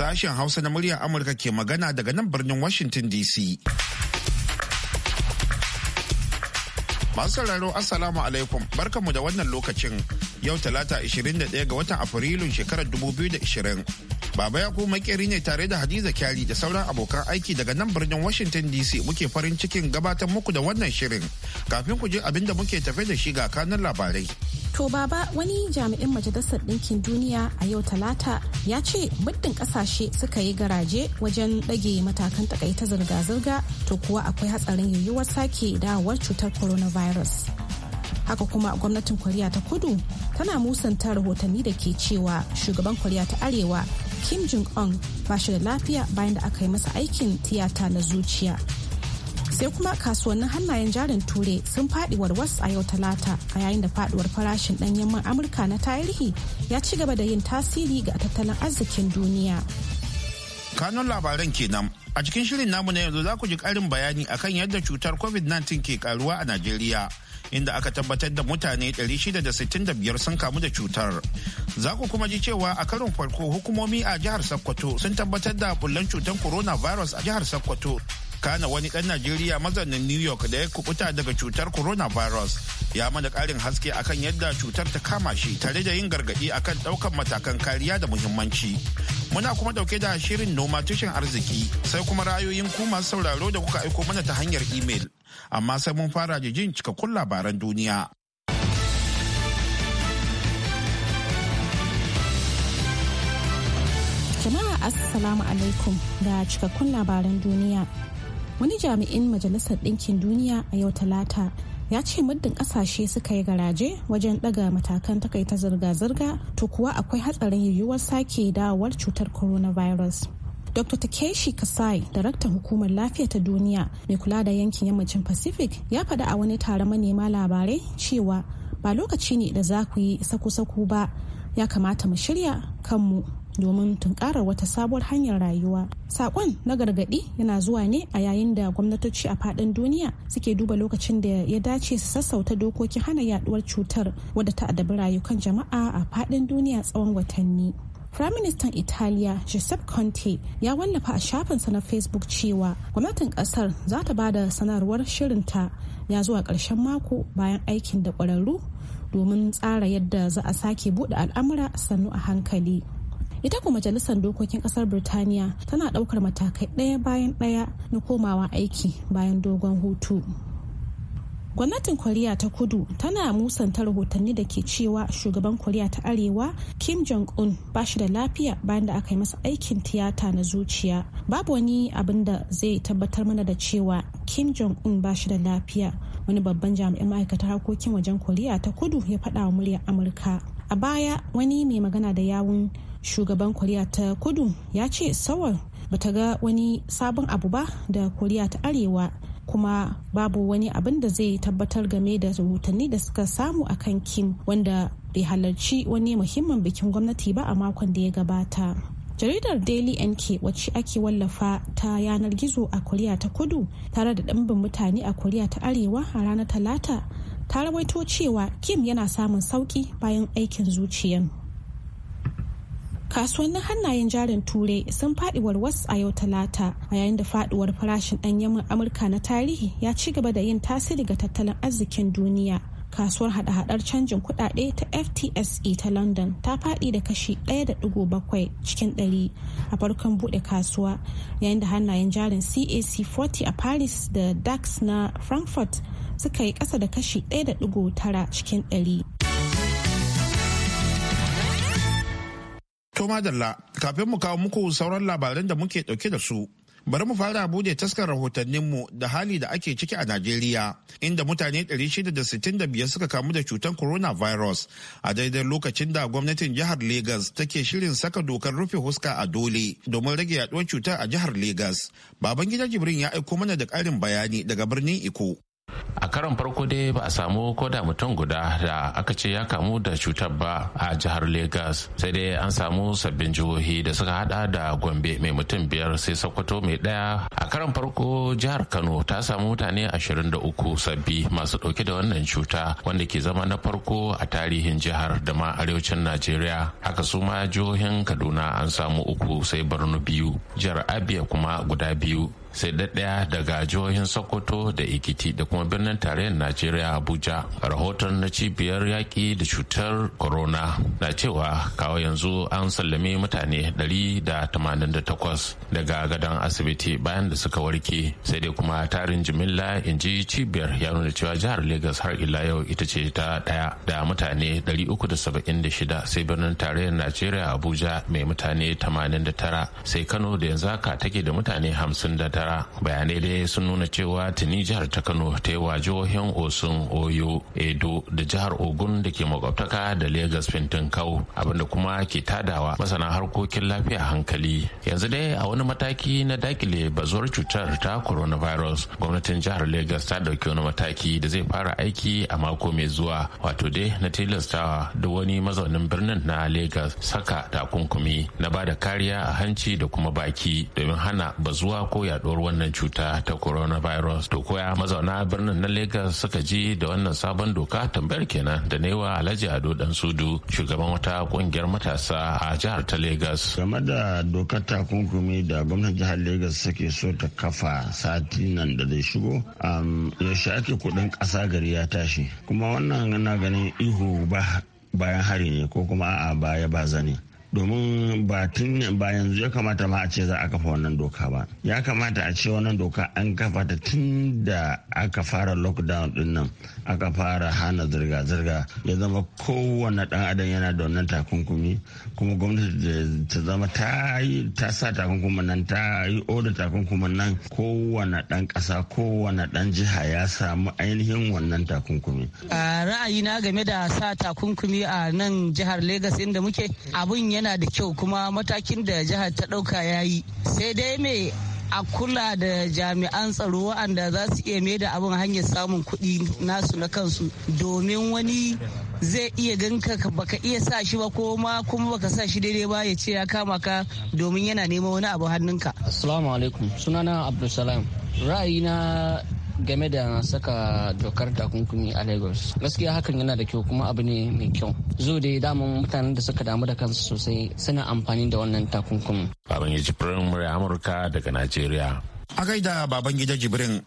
Sashen Hausa na muryar Amurka ke magana daga nan birnin Washington DC. Masu sauraro Assalamu alaikum barkanmu da wannan lokacin yau talata 21 ga watan Afrilun shekarar 2020. Baba Yakubu makeri ne tare da Hadiza Kyari da sauran abokan aiki daga nan birnin Washington DC muke farin cikin gabatar muku da wannan shirin. Kafin ku je abin da muke tafe da shi ga kanun labarai. To baba wani jami'in majalisar ɗinkin duniya a yau talata ya ce muddin ƙasashe suka yi garaje wajen ɗage matakan takaita zirga-zirga to kuwa akwai hatsarin yiwuwar sake dawowar cutar coronavirus. haka kuma gwamnatin koriya ta kudu tana musanta rahotanni da ke cewa shugaban koriya ta arewa kim jong-un ba shi da lafiya bayan da aka yi masa aikin tiyata na zuciya sai kuma kasuwannin hannayen jarin ture sun faɗi warwas a yau talata a yayin da faduwar farashin ɗanyen man amurka na tarihi ya ci gaba da yin tasiri ga tattalin arzikin duniya kanun labaran kenan a cikin shirin namu na yanzu za ku ji ƙarin bayani akan yadda cutar covid-19 ke karuwa a najeriya inda aka tabbatar da mutane 665 sun kamu da cutar. Za ku kuma ji cewa a karin farko hukumomi a jihar Sokoto sun tabbatar da bullan cutar coronavirus a jihar Sokoto. Kana wani ɗan Najeriya mazanin New York da ya kubuta daga cutar coronavirus ya mana ƙarin haske akan yadda cutar ta kama shi tare da yin gargaɗi akan ɗaukan matakan kariya da muhimmanci. Muna kuma ɗauke da shirin noma tushen arziki sai kuma ra'ayoyin kuma sauraro da kuka aiko mana ta hanyar imel. amma sai mun fara jijin jin cikakkun labaran duniya. Jama'a Assalamu alaikum ga cikakkun labaran duniya. Wani jami'in Majalisar Ɗinkin Duniya a yau Talata ya ce muddin ƙasashe suka yi garaje wajen ɗaga matakan takaita zirga-zirga to kuwa akwai hatsarin yiwuwar sake dawowar cutar coronavirus. Dr. Takeshi Kasai, daraktan hukumar lafiya ta duniya mai kula da yankin yammacin Pacific, ya faɗa a wani taron manema labarai cewa ba lokaci ne da za ku yi saku-saku ba, ya kamata mu shirya kanmu domin tunkarar wata sabuwar hanyar rayuwa. Sakon na gargadi yana zuwa ne a yayin da gwamnatoci a faɗin duniya suke duba lokacin da ya dace su sassauta dokokin hana yaduwar cutar wadda ta addabi rayukan jama'a a faɗin duniya tsawon watanni. Firaministan Italiya joseph Conte ya wallafa a shafinsa na Facebook cewa gwamnatin kasar za ta ba da sanarwar shirinta ya zuwa ƙarshen mako bayan aikin da ƙwararru domin tsara yadda za a sake buɗe al'amura sannu a hankali. ita kuma majalisar dokokin kasar birtaniya tana daukar matakai ɗaya bayan ɗaya na komawa aiki bayan dogon hutu gwamnatin koriya ta kudu tana musanta rahotanni da ke cewa shugaban koriya ta arewa kim jong-un ba shi da lafiya bayan da aka yi masa aikin tiyata na zuciya babu wani abin da zai tabbatar mana da cewa kim jong-un ba shi da lafiya wani babban jami'in ma'aikatar harkokin wajen koriya ta kudu ya faɗa wa muryar amurka a baya wani mai magana da yawun shugaban koriya ta kudu ya ce sawar bata ga wani sabon abu ba da koriya ta arewa kuma babu wani abin da zai tabbatar game da rahotanni da suka samu a kan kim wanda bai halarci wani muhimmin bikin gwamnati ba a makon da ya gabata jaridar daily nk wacce ake wallafa ta yanar gizo a koriya ta kudu tare da ɗimbin mutane a koriya ta arewa a ranar talata ta rawaito cewa kim yana samun sauki bayan aikin zuciyan kasuwannin hannayen jarin turai sun faɗi warwas a yau talata a yayin da faduwar farashin ɗanyen amurka na tarihi ya ci gaba da yin tasiri ga tattalin arzikin duniya kasuwar hada-hadar canjin kudade ta ftse ta london ta faɗi da kashi 1.7 cikin 100 a farkon buɗe kasuwa yayin da hannayen jarin cac 40 a paris da dax na frankfurt suka yi ƙasa da kashi 1.9 cikin 100 To madalla, kafin mu kawo muku sauran labaran da muke dauke da su. Bari mu fara bude taskar mu da hali da ake ciki a Najeriya, inda mutane 665 suka kamu da cutar corona virus a daidai lokacin da gwamnatin jihar Lagos take shirin saka dokar rufe huska a dole domin rage yaduwar cutar a jihar Legas. Babangida Jibrin ya aiko mana da karin bayani daga birnin Iko. a karon farko dai ba a samu koda mutum guda da aka ce ya kamu da cutar ba a jihar lagos sai dai an samu sabbin jihohi da suka hada da gombe mai mutum biyar sai sokoto mai daya a karon farko jihar kano ta samu mutane 23 sabbi masu dauke da wannan cuta wanda ke zama na farko a tarihin jihar da ma arewacin najeriya haka su ma jihohin kaduna an samu uku sai borno biyu jihar abia kuma guda biyu sai ɗaya daga jihohin sokoto da ikiti da kuma birnin tarayyar najeriya abuja rahoton na cibiyar yaƙi da cutar corona na cewa kawo yanzu an sallame mutane 188 daga gadon asibiti bayan da suka warke sai dai kuma tarin jimilla in ji cibiyar ya nuna cewa jihar Legas har ila yau ita ce ta ɗaya da mutane 376 sai birnin tarayyar najeriya abuja mai mutane 89 sai kano da yanzu haka take da mutane 59 tara bayanai dai sun nuna cewa tuni jihar ta kano ta yi wa jihohin osun oyo edo da jihar ogun da ke makwabtaka da Legas lagos kau abinda kuma ke tadawa masana harkokin lafiya hankali yanzu dai a wani mataki na dakile bazuwar cutar ta coronavirus gwamnatin jihar Legas ta dauki wani mataki da zai fara aiki a mako mai zuwa wato dai na tilastawa da wani mazaunin birnin na Legas saka takunkumi na bada kariya a hanci da kuma baki domin hana bazuwa ko yaɗuwa yaduwar wannan cuta ta coronavirus to koya mazauna birnin na lagos suka ji da wannan sabon doka tambayar kenan da newa alhaji ado dan sudu shugaban wata kungiyar matasa a jihar ta lagos game da dokar takunkumi da gwamnatin jihar lagos suke so ta kafa sati nan da zai shigo um, yaushe ake kudin kasa gari ya tashi kuma wannan yana ganin ihu ba bayan hari ne ko kuma a baya ba zane domin ba tun ba yanzu ya kamata ma a ce za a kafa wannan doka ba ya kamata a ce wannan doka an kafa ta tun da aka fara lockdown din nan aka fara hana zirga-zirga ya zama kowane dan adam yana da wannan takunkumi kuma gwamnati ta zama ta yi ta sa takunkumin nan ta yi oda takunkumin nan kowane dan kasa kowane dan jiha ya samu ainihin wannan takunkumi a ra'ayina game da sa takunkumi a nan jihar lagos inda muke abun ya yana da kyau kuma matakin da jihar ta ɗauka ya yi sai dai me a kula da jami'an tsaro waɗanda za su iya mai da abin hanyar samun kuɗi nasu na kansu domin wani zai iya ganka baka iya sa shi ba ko ma kuma baka sa shi daidai ba ya ce ya kama ka domin yana neman wani abu hannunka. Assalamu alaikum sunana Abdulsalam ra'ayina game da saka dokar takunkumi a lagos gaskiya hakan yana da kyau kuma abu ne mai kyau zo da daman mutanen da suka damu da kansu sosai suna amfani da wannan takunkumi baban yaji murya amurka daga najeriya a gaida baban gida jibrin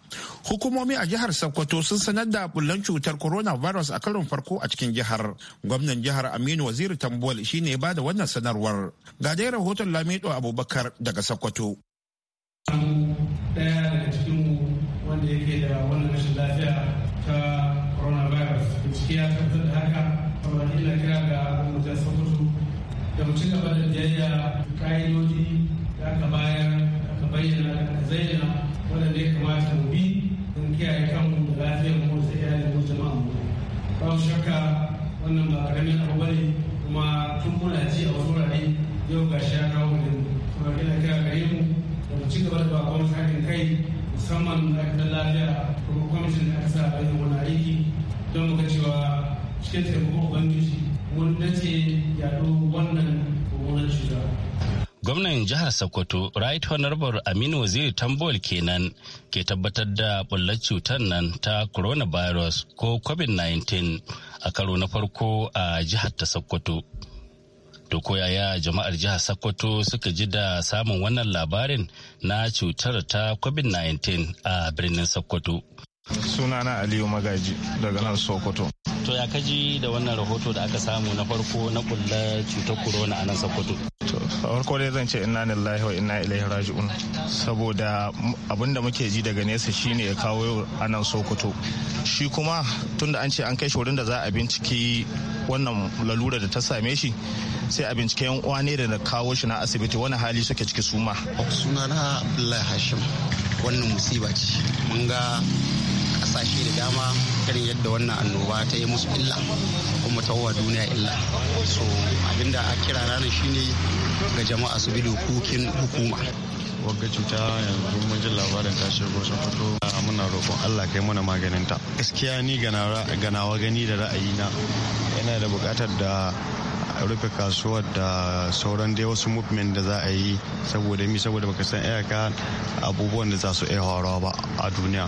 hukumomi a jihar sokoto sun sanar da bullan cutar coronavirus a karon farko a cikin jihar gwamnan jihar aminu waziri tambol shine ba da wannan sanarwar ga dai rahoton lamido abubakar daga sokoto da yake da wannan rashin lafiya ta coronavirus bincike ya tabbatar da haka kamar illa kira ga mutum sokoto da mutum gaba da biyayya ka'idoji da aka bayar aka bayyana aka zayyana wanda ya kamata mu bi don kiyaye kanmu da lafiyar mu da iyalin mu jama'a mu mu shakka wannan ba karamin abu bane kuma tun muna ji a wasu wurare yau ga shi ya kawo mu kamar illa kira gare mu da mu ci gaba da bakon sakin kai musamman ma'aikatar lafiya kuma kwamishin da aka sa a yi wani aiki don muka cewa cikin taimakon ubangiji mun dace yaɗo wannan mummunan cuta. Gwamnan jihar Sokoto, Right Honorable Aminu Waziri Tambol kenan ke tabbatar da bullar cutar nan ta coronavirus ko COVID-19 a karo na farko a jihar ta Sokoto. To koyaya jama'ar jihar Sokoto suka ji da samun wannan labarin na cutar ta COVID-19 a birnin Sokoto. Sunana Aliyu Magaji daga nan Sokoto. To ya kaji da wannan rahoto da aka samu na farko na kullar cutar corona a nan Sokoto. To farko dai zan ce inna lillahi wa inna ilaihi raji'un saboda abin da muke ji daga nesa shine ya kawo yau anan sokoto shi kuma tunda an ce an kai shi da za a binciki wannan lalura da ta same shi sai a bincike yan uwa ne da na kawo shi na asibiti wani hali suke ciki suma sunana abdullahi hashim wannan musiba ce mun ga kasashe da dama irin yadda wannan annoba ta yi musu illa kuma ta wa duniya illa so abinda a kira ranar shine ga jama'a su bi dokokin hukuma wagga cuta yanzu mun ji labarin ta shigo sun fito ah, muna roƙon Allah kai mana maganin ta gaskiya ni ganawa gani da ra'ayi na yana da buƙatar da rufe kasuwar da sauran dai wasu movement da za a yi saboda mi saboda baka san iyaka abubuwan da za su iya horowa ba a duniya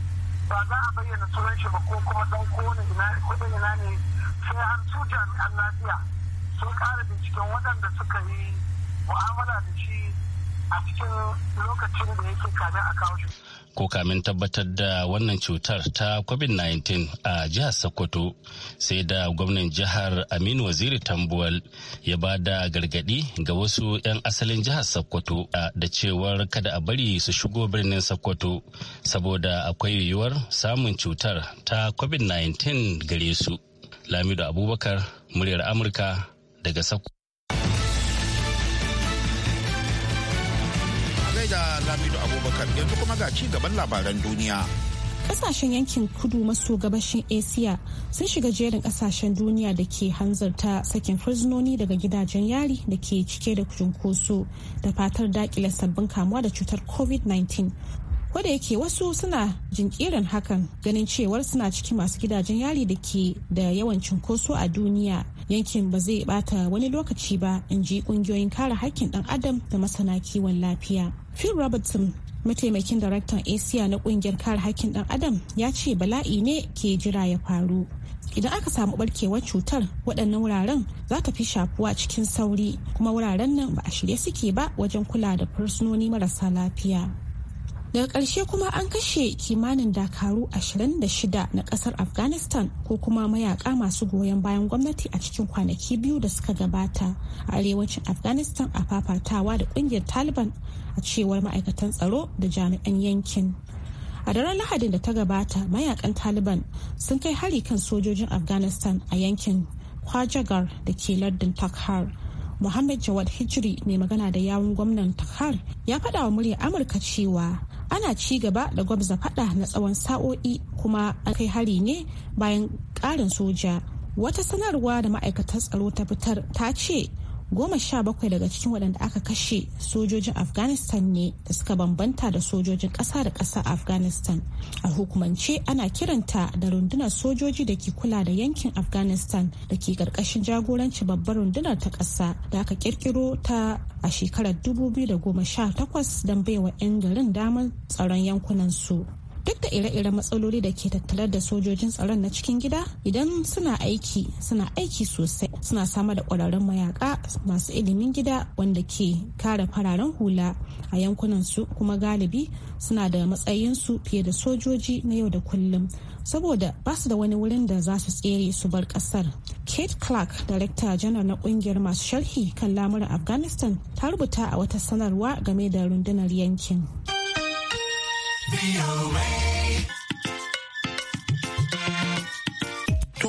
ba za a bayyana sunan shi ba ko kuma dan kowane ina ina ne sai an su jami'an lafiya sun ƙara binciken waɗanda suka yi mu'amala da shi a cikin lokacin da yake kame a kawo shi ko kamin tabbatar da wannan cutar ta covid-19 a jihar sokoto sai da gwamnan jihar aminu waziri tambuwal ya ba da gargadi ga wasu 'yan asalin jihar sokoto da cewar kada a bari su shigo birnin sokoto saboda akwai yiwuwar samun cutar ta covid-19 gare su lamido abubakar muryar amurka daga sokoto da Lamido Abubakar yanzu kuma ga ci gaban labaran duniya. Kasashen yankin kudu maso gabashin Asia sun shiga jerin kasashen duniya da ke hanzarta sakin fursunoni daga gidajen yari da ke cike da cunkoso da fatar dakile sabbin kamuwa da cutar COVID-19 da yake wasu suna jinkirin hakan ganin cewar suna cikin masu gidajen yari da ke da yawan cunkoso a duniya yankin ba zai bata wani lokaci ba in ji kungiyoyin kare haƙƙin ɗan adam da masana kiwon lafiya phil robertson mataimakin daraktan asia na kungiyar kare haƙƙin ɗan adam ya ce bala'i ne ke jira ya faru idan aka samu barkewar cutar waɗannan wuraren za ta fi shafuwa cikin sauri kuma wuraren nan ba a shirye suke ba wajen kula da fursunoni marasa lafiya daga ƙarshe kuma an kashe kimanin dakaru 26 na ƙasar afghanistan ko kuma mayaka masu goyon bayan gwamnati a cikin kwanaki biyu da suka gabata a arewacin afghanistan a fafatawa da ƙungiyar taliban a cewar ma'aikatan tsaro da jami'an yankin a daren lahadin da ta gabata mayakan taliban sun kai hari kan sojojin afghanistan a yankin kwajagar da ke lardin takhar Muhammad Jawad Hijri mai magana da yawun gwamnan Takhar ya faɗa wa muryar Amurka cewa ana ci gaba da gwabza fada na tsawon sa'o'i kuma an kai hari ne bayan ƙarin soja wata sanarwa da ma'aikatar tsaro ta fitar ta ce goma sha bakwai daga cikin waɗanda aka kashe sojojin afghanistan ne da suka bambanta da sojojin ƙasa da ƙasa a afghanistan a hukumance ana kiranta da rundunar sojoji da ke kula da yankin afghanistan da ke ƙarƙashin jagoranci babbar rundunar ta ƙasa da aka ƙirƙiro ta a shekarar 2018 don baiwa 'yan garin damar tsaron yankunan su duk da ire-iren matsaloli da ke tattare da sojojin tsaron na cikin gida idan suna aiki suna aiki sosai suna samar da kwararrun mayaka masu ilimin gida wanda ke kare fararen hula a yankunan su kuma galibi suna da matsayin su fiye da sojoji na yau da kullum saboda ba su da wani wurin da za su tsere su bar kasar. Kate Clark, Darekta janar na kungiyar masu sharhi kan lamuran Afghanistan, ta rubuta a wata sanarwa game da rundunar yankin. To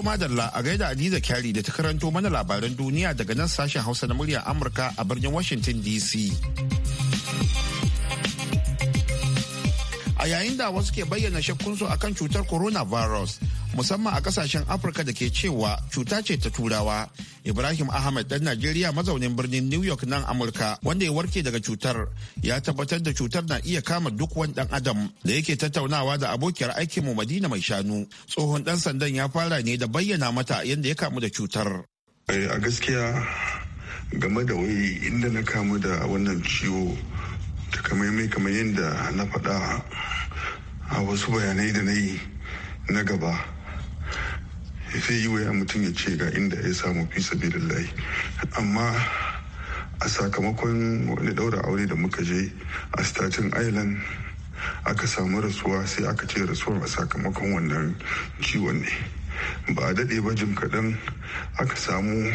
madalla a gaida Adiza Kyari da ta karanto mana labaran duniya daga nan sashen Hausa na muryar Amurka a birnin Washington DC. A yayin da wasu ke bayyana shakkunsu akan cutar coronavirus. musamman a kasashen afirka da ke cewa cuta ce ta turawa ibrahim ahmed dan najeriya mazaunin birnin new york nan amurka wanda ya warke daga cutar ya tabbatar da cutar na iya kama duk wani dan adam da yake tattaunawa da abokiyar aikinmu madina mai shanu tsohon dan sandan ya fara ne da bayyana mata yadda ya kamu da cutar eh, a gaskiya game da wai inda na kamu da wannan ciwo mai kamar yadda na faɗa a wasu bayanai da na yi na gaba zai yi waya mutum ya ce ga inda ya samu fi sabilillahi amma a sakamakon wani daura aure da muka je a statin island aka samu rasuwa sai aka ce rasuwar a sakamakon wannan ciwon ne ba a daɗe ba jim kaɗan aka samu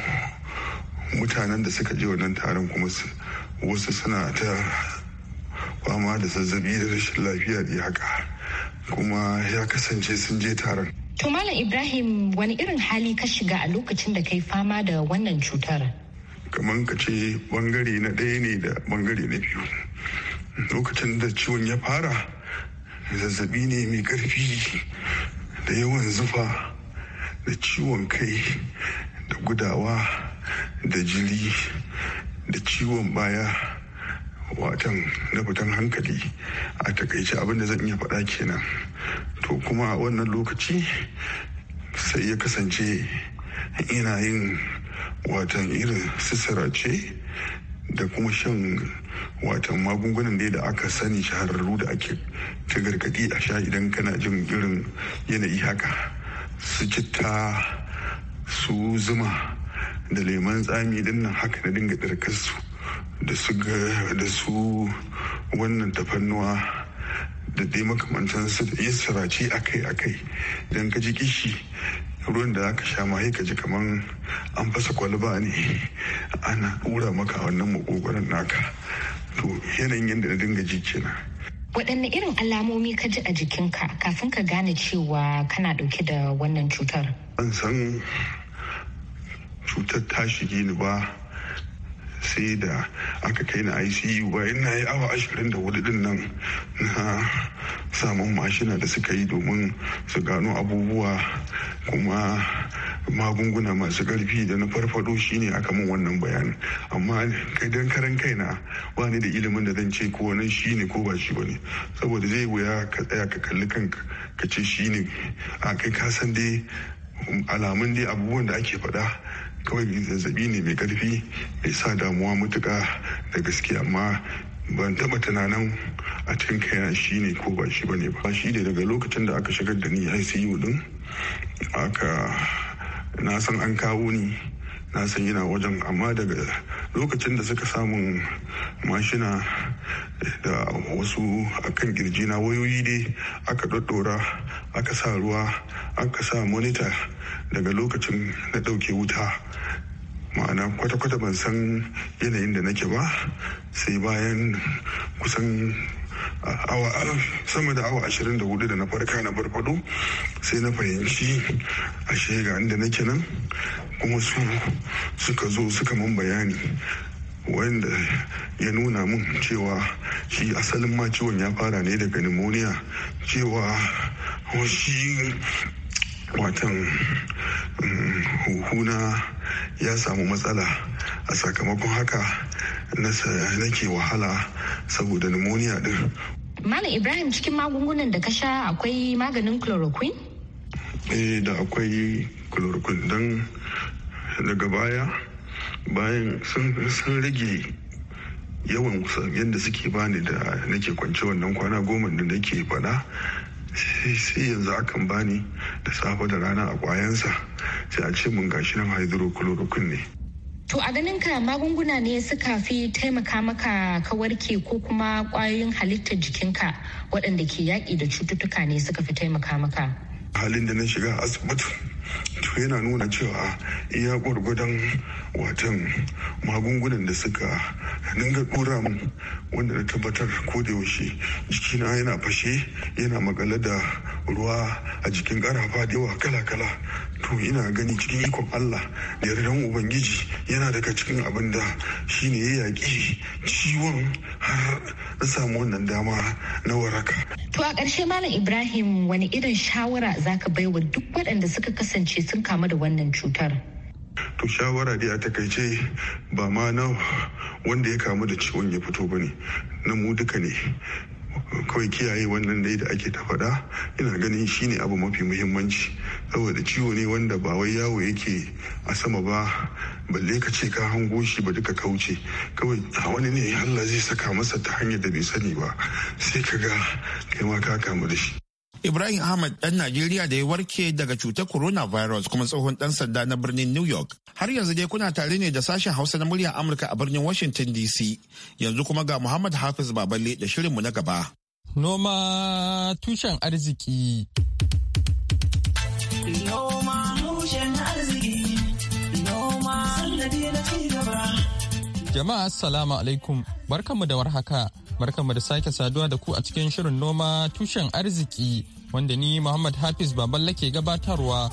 mutanen da suka je wannan taron kuma wasu suna ta fama da zazzabi da rashin lafiya da haka kuma ya kasance sun je taron To Malam Ibrahim wani irin hali ka shiga a lokacin da kai fama da wannan cutar? kamar ka ce bangare na ɗaya ne da bangare na biyu. Lokacin da ciwon ya fara zazzabi ne mai ƙarfi da yawan zufa da ciwon kai da gudawa da jiri da ciwon baya watan na fitan hankali a takaice da zan iya faɗa kenan to kuma a wannan lokaci sai ya kasance ina yin watan irin sisira ce da kuma shan watan magungunan ne da aka sani shahararru da ake ta gargadi a sha idan kana jin irin yanayi haka su citta su zuma da leman tsami din nan haka na dinga su da su wannan tafannuwa da dai makamantansu da yi sarace akai akai idan ka ji kishi ruwan da aka sha ma ka ji kaman an fasa kwalba ne ana ura maka wannan makogoron naka to yanayin yadda na dinga ji kenan waɗanne irin alamomi ka ji a jikinka kafin ka gane cewa kana ɗauke da wannan cutar ban san cutar ta shige ni ba sai da aka kai na icu bayan na yi awa ashirin da hudu din nan na samun mashina da suka yi domin su gano abubuwa kuma magunguna masu ƙarfi da na farfado shine aka min wannan bayanin amma kaidan karan na ba ni da ilimin da zan ce ko wannan shine ko ba shi bane saboda zai wuya ka tsaya ka kalli kanka ka ce shine a kai ka san dai alamun dai abubuwan da ake faɗa kawai zazzabi ne mai karfi mai sa damuwa matuka da gaske amma ban taba tunanin a cikin kaina shi ne ko ba shi bane ba shi ne daga lokacin da aka shigar da ni ICU din aka na san an kawo ni na san yana wajen amma daga lokacin da suka samun mashina da wasu akan kirji na wayoyi dai aka ɗaɗɗora aka sa ruwa aka sa monita daga lokacin na ɗauke wuta ma'ana kwata-kwata ban san yanayin da nake ba sai bayan kusan awa sama da awa 24 da na farka na farfado sai na fahimci a ga inda nake nan kuma su suka zo suka man bayani wanda ya nuna mun cewa shi asalin ma ciwon ya fara ne daga pneumonia cewa shi watan mm, huhuna ya samu matsala a sakamakon haka na ke wahala saboda pneumonia din Malam Ibrahim cikin magungunan da ka sha akwai maganin chloroquine? Eh da akwai chloroquine don daga baya bayan sun rage yawan yadda suke bani da nake kwance wannan kwana goma da nake faɗa sai yanzu akan bani da safe da rana a kwayansa sai a ce mun gashi nan hydrochloroquine ne To a ganin ka magunguna ne suka fi taimaka maka ka warke ko kuma kwayoyin halittar jikinka waɗanda ke yaƙi da cututtuka ne suka fi taimaka maka. Halin da na shiga asibiti to yana nuna cewa iya gwargwadon watan magungunan da suka dinga dora mu wanda na tabbatar ko da yaushe jikina yana fashe yana makale da ruwa a jikin karafa da yawa kala-kala to ina gani cikin ikon Allah da yardan ubangiji yana daga cikin abin da shine ya yaƙi ciwon har samu wannan dama na waraka to a ƙarshe malam ibrahim wani irin shawara zaka baiwa duk waɗanda suka kasance sun kamu da wannan cutar to shawara dai a takaice ba ma na wanda ya kamu da ciwon ya fito ba ne na mu duka ne kawai kiyaye wannan dai da ake ta faɗa ina ganin shi ne abu mafi muhimmanci saboda ciwo ne wanda ba wai yawo yake a sama ba balle ka ce ka hango shi ba duka kauce kawai a wani ne Allah zai saka masa ta hanyar da bai sani ba sai ka ga kai ma ka kamu da shi Ibrahim Ahmad ɗan Najeriya da ya warke daga cutar coronavirus kuma tsohon ɗan sanda na birnin New York. Har yanzu dai kuna tare ne da sashen Hausa na muryar Amurka a birnin Washington DC. Yanzu kuma ga Muhammad Hafiz Baballe da shirinmu na gaba. Noma tushen arziki. Noma tushen arziki. Noma gaba. Jama'a assalamu alaikum barkanmu da warhaka. barkanmu da sake saduwa da ku a cikin shirin noma tushen arziki wanda ni Muhammad Hafiz baban lake gabatarwa.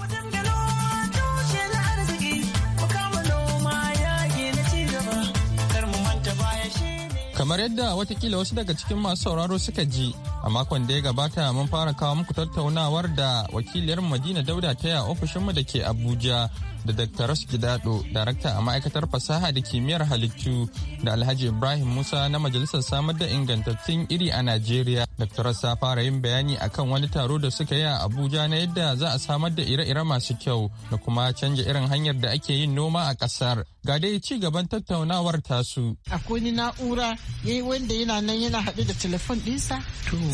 Kamar yadda watakila wasu daga cikin masu sauraro suka ji a makon da ya gabata mun fara kawo muku tattaunawar da wakiliyar madina dauda ta yi a ofishinmu da ke abuja da dr rasu dado darakta a ma'aikatar fasaha da kimiyyar halittu da alhaji ibrahim musa na majalisar samar da ingantattun iri a najeriya dr ta fara yin bayani akan wani taro da suka yi a abuja na yadda za a samar da ire-ire masu kyau da kuma canja irin hanyar da ake yin noma a kasar ga dai ci gaban tattaunawar tasu akwai na'ura yayi wanda yana nan yana haɗu da telefon ɗinsa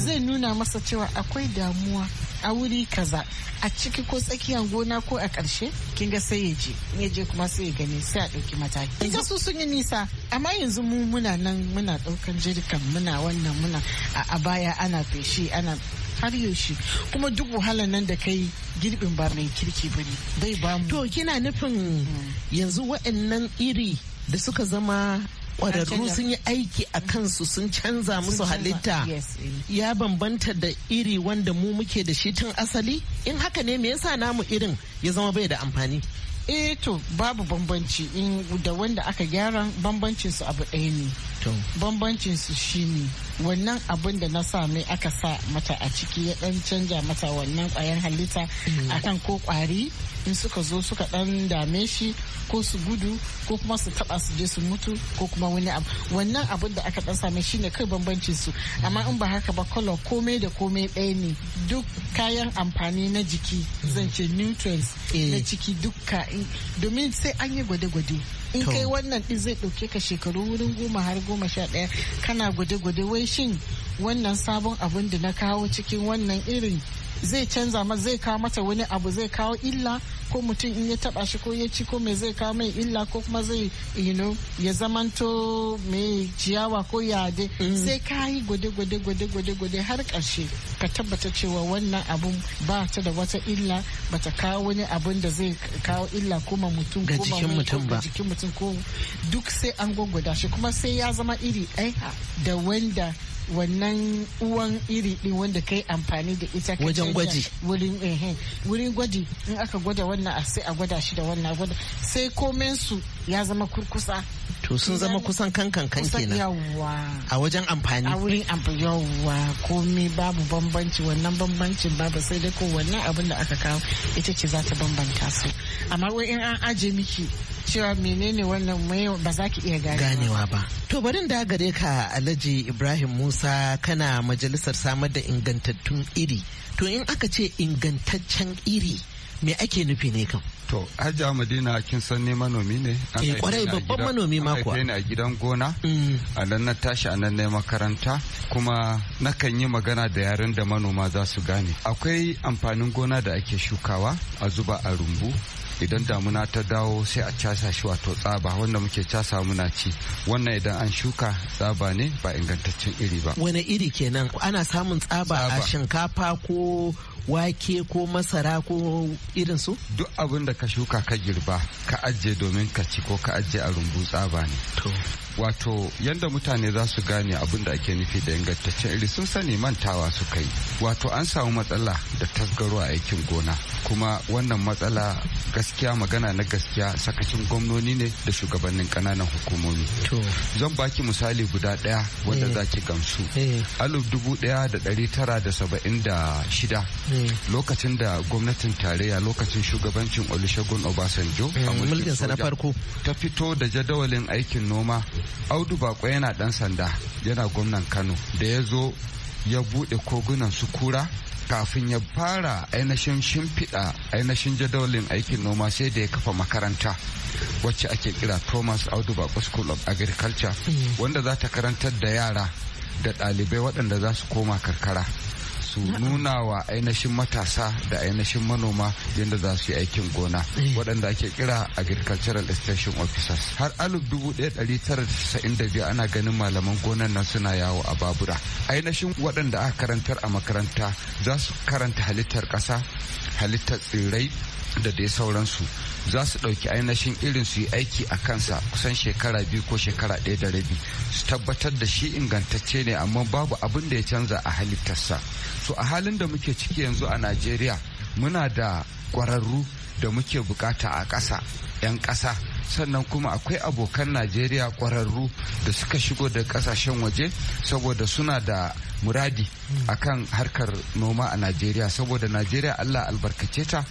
zai nuna masa cewa akwai damuwa a wuri kaza a ciki ko tsakiyar gona ko a ƙarshe kin ga sai ya je ya je kuma sai ya gani sai a ɗauki mataki ita su sun yi nisa amma yanzu mu muna nan muna ɗaukan jirkan muna wannan muna a baya ana feshi ana har yaushe kuma duk wahalar nan da kai girbin ba mai kirki ba ne bai ba mu to kina nufin mm. yanzu waɗannan iri da suka zama kwararru sun yi aiki a kansu sun canza musu halitta ya bambanta da iri wanda mu muke da shi tun asali in haka ne me yasa namu irin ya zama bai da amfani eh to babu bambanci in da wanda aka gyara bambancin su abu ɗaya ne bambancin su shine wannan abin da na sa mai aka sa mata a ciki ya dan canja mata wannan kwayan halitta mm. akan ko kwari in suka zo suka dan dame shi ko su gudu ko kuma su taba su je su mutu ko kuma wani abu wannan abun da aka dan same shine kai bambancin su amma in ba haka ba kala komai da komai ɗaya ne duk kayan amfani na jiki zan ce nutrients na eh. ciki dukka domin sai an yi gwade-gwade in kai wannan din zai ɗauke ka shekaru wurin goma har goma sha ɗaya kana gwade-gwade wai shin wannan sabon abun da na kawo cikin wannan irin zai canza ma zai kawo mata wani abu zai kawo illa ko mutum in ya taba shi ko ya ci ko me zai kawo mai illa ko kuma zai you know ya zamanto mai ciyawa ko yade mm. sai ka yi gode gode gode gode har karshe ka tabbata cewa wannan abun ba ta da wata illa ba ta kawo wani abun da zai kawo illa ko ma mutum ga jikin mutum ba jikin mutum ko duk sai an gwaggwada shi kuma sai ya zama iri ɗaya da wanda wannan uwan iri din wanda kai amfani da ita wajen gwaji wurin eh wurin gwaji in aka gwada wannan a sai a gwada shi da wannan gwada sai komen su ya zama kurkusa to sun zama kusan kankan kan kenan a wajen amfani a wurin amfani yawwa komai babu bambanci wannan bambancin babu sai dai ko wannan abin da aka kawo ita ce za ta bambanta su amma wai in an aje miki cewa menene wannan mai ba za ki iya ganewa ba. To barin da gare ka Alhaji Ibrahim Musa kana majalisar samar da ingantattun iri. To in aka ce ingantaccen iri me ake nufi ne kam? To Hajji Madina kin san ne manomi ne. Ke eh, kwarai babban manomi ma kuwa. a gidan gona. Mm. A nan na tashi a nan na makaranta kuma nakan yi magana da yaren da manoma za su gane. Akwai amfanin gona da ake shukawa a zuba a rumbu idan damuna ta dawo sai a casa shi wato tsaba wanda muke casa muna ci wannan idan an shuka tsaba ne ba ingantaccen iri ba wani iri kenan ana samun tsaba a shinkafa ko wake ko masara ko irin su duk abin da ka shuka ka girba ka ajiye domin ka ci ko ka ajiye a rumbu tsaba ne wato yadda mutane za su gane abin da ake nufi da ingantaccen iri sun sani mantawa su kai wato an samu matsala da tasgaro a aikin gona kuma wannan matsala gaskiya magana na gaskiya sakacin gwamnoni ne da shugabannin kananan hukumomi zan baki misali guda daya wanda eh. za ki gamsu eh. alif dubu daya da dari tara da saba'in da shida eh. lokacin da gwamnatin tarayya lokacin shugabancin olusegun obasanjo a mulkin ta fito da jadawalin aikin noma audu bako yana ɗan sanda yana gwamnan kano da ya zo ya buɗe kogunan su kura kafin ya fara ainihin shimfiɗa ainihin jadawalin aikin noma sai da ya kafa makaranta wacce ake kira thomas audu bako school of agriculture mm. wanda za ta karantar da yara da ɗalibai waɗanda za su koma karkara su nuna wa ainihin matasa da ainihin manoma yadda za su yi aikin gona eh. waɗanda ake kira agricultural extension officers har alif dubu ɗaya ɗari tara da biyu ana ganin malaman gonan nan suna yawo a babura ainihin waɗanda aka karantar a makaranta za su karanta halittar ƙasa halittar tsirrai da dai sauransu za su ɗauki ainihin irin su yi aiki a kansa kusan shekara biyu ko shekara ɗaya da rabi su tabbatar da shi ingantacce ne amma babu abin da ya canza a halittarsa so a halin da muke ciki yanzu a najeriya muna da ƙwararru da muke bukata a ƙasa 'yan ƙasa sannan kuma akwai abokan najeriya ƙwararru da suka shigo da ƙasashen waje saboda suna da muradi a kan harkar noma a najeriya saboda najeriya allah albarkace ta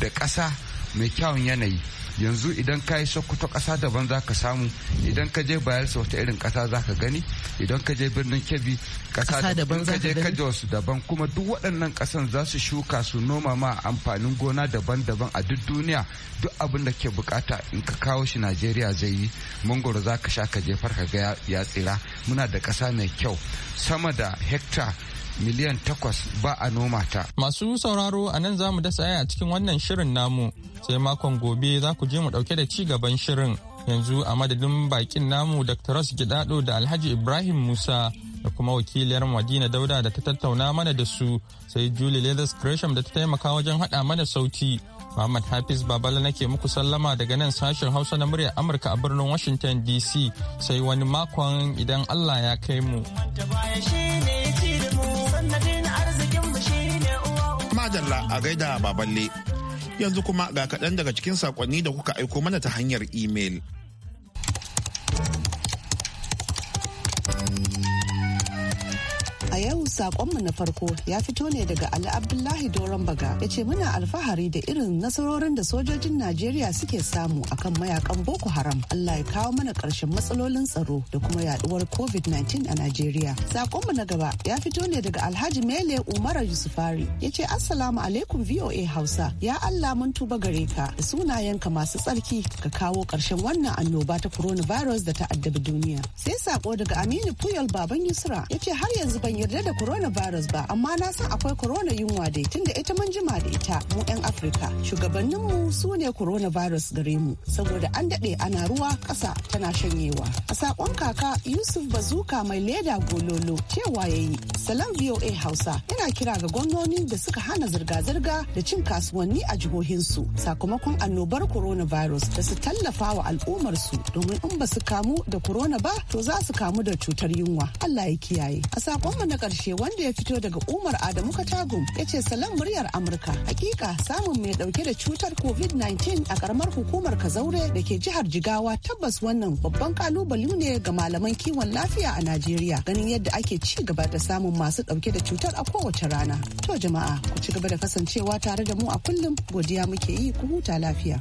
da ƙasa mai kyawun yanayi yanzu idan ka yi sokoto kasa daban za ka samu idan ka je su wata irin kasa za ka gani idan ka je birnin kebbi kasa daban ka je su daban kuma duk waɗannan kasan za su shuka su noma ma amfanin gona daban-daban a duk duniya duk abin da ke bukata in ka kawo shi najeriya zai yi mangoro za ka sha ka jefar ka ga ya tsira muna da kasa mai kyau sama da hekta miliyan takwas ba a noma ta. Masu sauraro a nan za mu dasa aya a cikin wannan shirin namu sai makon gobe za ku je mu ɗauke da ci gaban shirin. Yanzu a madadin bakin namu Dr. Ross Gidado da Alhaji Ibrahim Musa da kuma wakiliyar Madina Dauda da ta tattauna mana da su sai Julie Leathers Gresham da ta taimaka wajen haɗa mana sauti. Muhammad Hafiz Babala nake muku sallama daga nan sashen Hausa na muryar Amurka a birnin Washington DC sai wani makon idan Allah ya kai mu. talla a gaida baballe. Yanzu kuma ga kaɗan daga cikin saƙonni da kuka aiko mana ta hanyar imel. A yau sakonmu na farko ya fito ne daga Ali Abdullahi Doron Baga ya ce muna alfahari da irin nasarorin da sojojin Najeriya suke samu akan mayakan Boko Haram. Allah ya kawo mana ƙarshen matsalolin tsaro da kuma yaduwar COVID-19 a Najeriya. Sakonmu na gaba ya fito ne daga Alhaji Mele Umar Yusufari ya ce Assalamu alaikum VOA Hausa. Ya Allah mun tuba gare ka da sunayenka masu tsarki ka kawo ƙarshen wannan annoba ta coronavirus da ta addabi duniya. Sai sako daga Aminu Puyol Baban Yusra ya ce har yanzu ban yarda da coronavirus ba amma na san akwai corona yunwa da dai tunda ita mun jima da ita mu 'yan afirka shugabanninmu su ne coronavirus gare mu saboda an daɗe ana ruwa ƙasa tana shanyewa a saƙon kaka yusuf bazuka mai leda gololo cewa ya yi salam voa hausa yana kira ga gwamnoni da suka hana zirga-zirga da cin kasuwanni a jihohinsu sakamakon annobar corona virus da su tallafa wa al'ummarsu domin in ba su kamu da corona ba to za su kamu da cutar yunwa allah ya kiyaye a saƙonmu na ƙarshe ce wanda ya fito daga Umar Adamu Katagum ya ce salon muryar Amurka. Hakika samun mai dauke da cutar COVID-19 a karamar hukumar Kazaure da ke jihar Jigawa tabbas wannan babban kalubale ne ga malaman kiwon lafiya a Najeriya ganin yadda ake ci gaba da samun masu dauke da cutar a kowace rana. To jama'a ku ci gaba da kasancewa tare da mu a kullum godiya muke yi ku huta lafiya.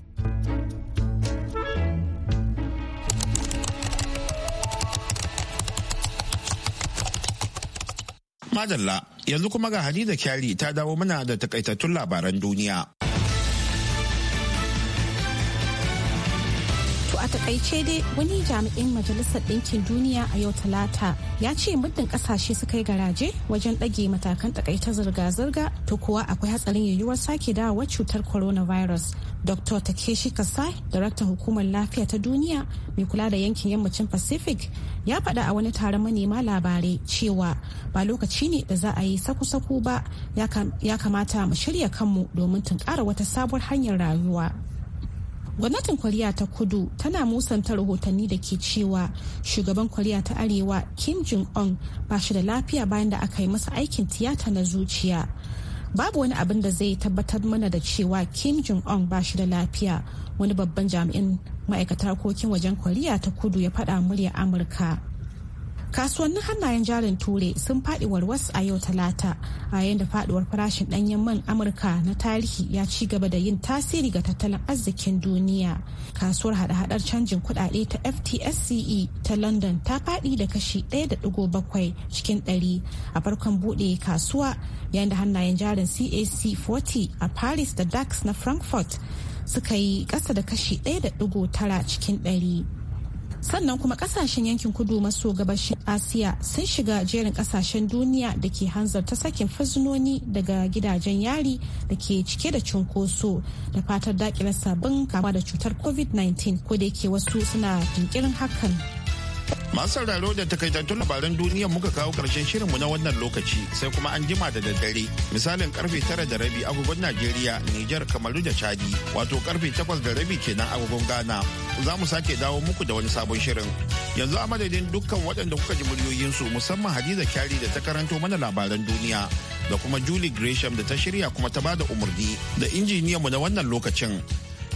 madalla yanzu kuma ga hadiza kyari ta dawo mana da takaitattun labaran duniya To a takaice dai wani jami'in Majalisar Ɗinkin Duniya a yau Talata ya ce muddin ƙasashe suka yi garaje wajen ɗage matakan takaita zirga-zirga to kuwa akwai hatsarin yiwuwar sake dawowar cutar coronavirus Dr. Takeshi Kasai, daraktan hukumar lafiya ta duniya mai kula da yankin yammacin Pacific, ya faɗa a wani taron manema labarai cewa ba lokaci ne da za a yi saku-saku ba ya kamata mu shirya kanmu domin tunkara wata sabuwar hanyar rayuwa. gwamnatin koriya ta kudu tana musanta rahotanni da ke cewa shugaban koriya ta arewa kim jong un ba shi da lafiya bayan da aka yi masa aikin tiyata na zuciya babu wani abin da zai tabbatar mana da cewa kim jong-un ba shi da lafiya wani babban jami'in ma'aikatar harkokin wajen koriya ta kudu ya faɗa murya amurka kasuwannin hannayen jarin ture sun faɗi warwas a yau talata a yayin da faɗuwar farashin ɗanyen man amurka na tarihi ya ci gaba da yin tasiri ga tattalin arzikin duniya kasuwar hada-hadar canjin kuɗaɗe ta ftsce ta london ta faɗi da kashi 1.7 cikin 100 a farkon buɗe kasuwa yayin da hannayen jarin cac 40 a paris da dax na frankfurt suka yi ƙasa da kashi 1.9 cikin 100 sannan kuma kasashen yankin kudu maso gabashin asiya sun shiga jerin kasashen duniya da ke hanzarta sakin fursunoni daga gidajen yari da ke cike da cunkoso da fatar dakile sabbin kama da cutar covid-19 ko da yake wasu suna jinkirin hakan Masu sauraro da takaitattun labaran duniya muka kawo ƙarshen shirinmu na wannan lokaci sai kuma an jima da daddare misalin karfe tara da rabi agogon Najeriya, Nijar, Kamaru da Chadi wato karfe takwas da rabi kenan agogon Ghana. Za mu sake dawo muku da wani sabon shirin. Yanzu a madadin dukkan waɗanda kuka ji muryoyinsu musamman Hadiza Kyari da ta karanto mana labaran duniya da kuma Julie Gresham da ta shirya kuma ta bada umarni da injiniyanmu na wannan lokacin.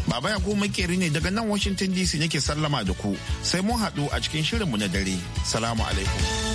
Baba Yakubu makeri ne daga nan Washington DC nake sallama da ku sai mun haɗu a cikin shirinmu na dare. Salamu alaikum.